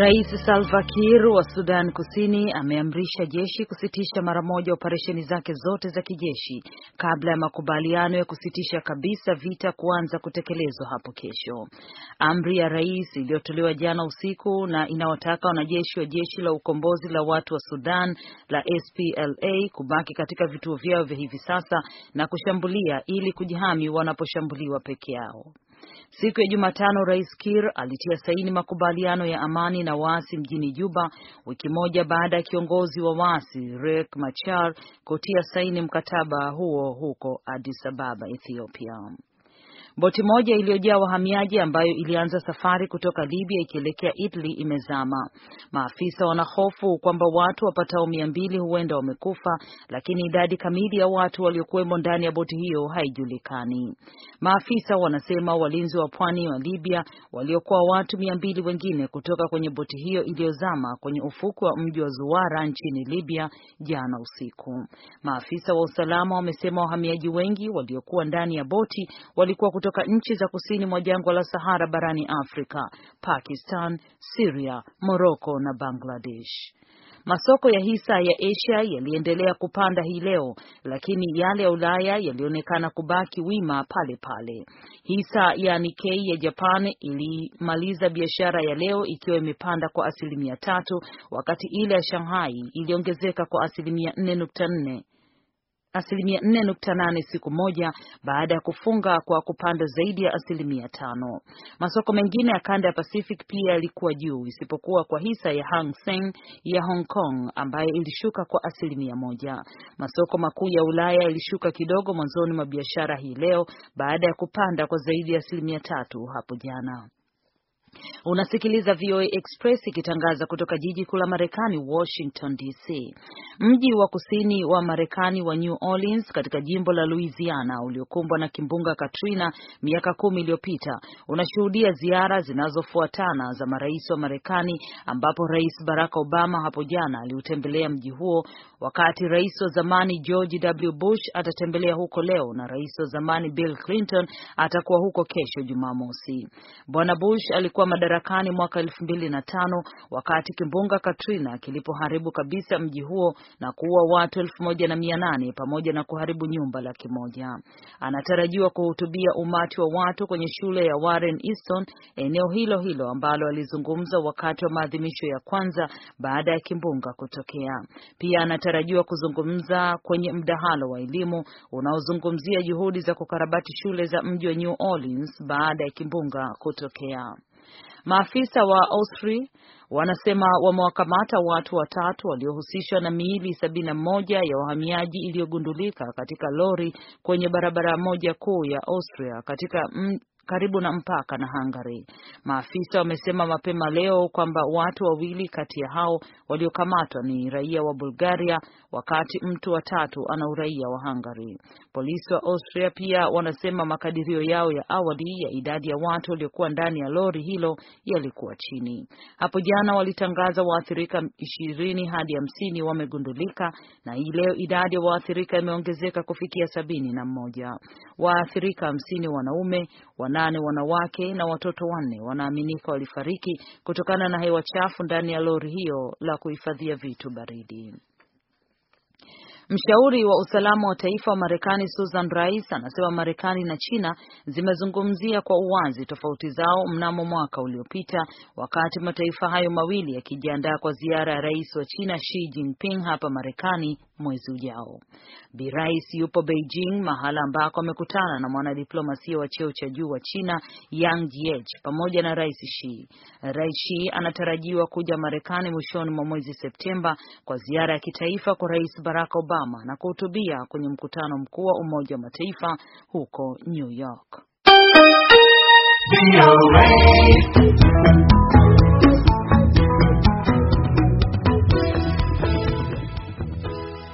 Rais Salva Kiir wa Sudan Kusini ameamrisha jeshi kusitisha mara moja operesheni zake zote za kijeshi kabla ya makubaliano ya kusitisha kabisa vita kuanza kutekelezwa hapo kesho. Amri ya rais iliyotolewa jana usiku na inawataka wanajeshi wa jeshi la ukombozi la watu wa Sudan la SPLA kubaki katika vituo vyao vya hivi sasa na kushambulia ili kujihami wanaposhambuliwa peke yao. Siku ya Jumatano, Rais Kir alitia saini makubaliano ya amani na waasi mjini Juba, wiki moja baada ya kiongozi wa waasi Riek Machar kutia saini mkataba huo huko Addis Ababa, Ethiopia. Boti moja iliyojaa wahamiaji ambayo ilianza safari kutoka Libya ikielekea Italy imezama. Maafisa wanahofu kwamba watu wapatao mia mbili huenda wamekufa, lakini idadi kamili ya watu waliokuwemo ndani ya boti hiyo haijulikani. Maafisa wanasema walinzi wa pwani wa Libya waliokuwa watu mia mbili wengine kutoka kwenye boti hiyo iliyozama kwenye ufuku wa mji wa Zuwara nchini Libya jana usiku. Maafisa wa usalama wamesema wahamiaji wengi waliokuwa ndani ya boti walikuwa kutoka kutoka nchi za kusini mwa jangwa la Sahara barani Afrika, Pakistan, Syria, Morocco na Bangladesh. Masoko ya hisa ya Asia yaliendelea kupanda hii leo, lakini yale ya Ulaya yalionekana kubaki wima pale pale. Hisa ya Nikkei ya Japan ilimaliza biashara ya leo ikiwa imepanda kwa asilimia tatu, wakati ile ya Shanghai iliongezeka kwa asilimia 4.4 asilimia 4.8 siku moja baada ya kufunga kwa kupanda zaidi ya asilimia tano. Masoko mengine ya kanda ya Pacific pia yalikuwa juu isipokuwa kwa hisa ya Hang Seng ya Hong Kong ambayo ilishuka kwa asilimia moja. Masoko makuu ya Ulaya yalishuka kidogo mwanzoni mwa biashara hii leo baada ya kupanda kwa zaidi ya asilimia tatu hapo jana. Unasikiliza VOA Express ikitangaza kutoka jiji kuu la Marekani, Washington DC. Mji wa kusini wa Marekani wa New Orleans katika jimbo la Louisiana, uliokumbwa na kimbunga Katrina miaka kumi iliyopita, unashuhudia ziara zinazofuatana za marais wa Marekani, ambapo Rais Barack Obama hapo jana aliutembelea mji huo, wakati rais wa zamani George W. Bush atatembelea huko leo na rais wa zamani Bill Clinton atakuwa huko kesho Jumamosi. Bwana Bush alikuwa alipokuwa madarakani mwaka elfu mbili na tano wakati kimbunga Katrina kilipoharibu kabisa mji huo na kuua watu elfu moja na mia nane pamoja na kuharibu nyumba laki moja. Anatarajiwa kuhutubia umati wa watu kwenye shule ya Warren Easton eneo hilo hilo ambalo alizungumza wakati wa maadhimisho ya kwanza baada ya kimbunga kutokea. Pia anatarajiwa kuzungumza kwenye mdahalo wa elimu unaozungumzia juhudi za kukarabati shule za mji wa New Orleans baada ya kimbunga kutokea. Maafisa wa Austria wanasema wamewakamata watu watatu waliohusishwa na miili sabini na moja ya wahamiaji iliyogundulika katika lori kwenye barabara moja kuu ya Austria katika karibu na mpaka na Hungary. Maafisa wamesema mapema leo kwamba watu wawili kati ya hao waliokamatwa ni raia wa Bulgaria, wakati mtu wa tatu ana uraia wa Hungary. Polisi wa Austria pia wanasema makadirio yao ya awali ya idadi ya watu waliokuwa ndani ya lori hilo yalikuwa chini. Hapo jana walitangaza waathirika ishirini hadi hamsini wamegundulika, na hii leo idadi ya waathirika imeongezeka kufikia sabini na mmoja. Waathirika hamsini wanaume wana nane wanawake na watoto wanne wanaaminika walifariki kutokana na hewa chafu ndani ya lori hiyo la kuhifadhia vitu baridi. Mshauri wa usalama wa taifa wa Marekani Susan Rice anasema Marekani na China zimezungumzia kwa uwazi tofauti zao mnamo mwaka uliopita, wakati mataifa hayo mawili yakijiandaa kwa ziara ya rais wa China Xi Jinping hapa Marekani mwezi ujao. Bi Rais yupo Beijing, mahala ambako amekutana na mwanadiplomasia wa cheo cha juu wa China Yang Jiechi pamoja na Rais Xi. Rais Xi anatarajiwa kuja Marekani mwishoni mwa mwezi Septemba kwa ziara ya kitaifa kwa Rais Barack Obama na kuhutubia kwenye mkutano mkuu wa Umoja wa Mataifa huko New York.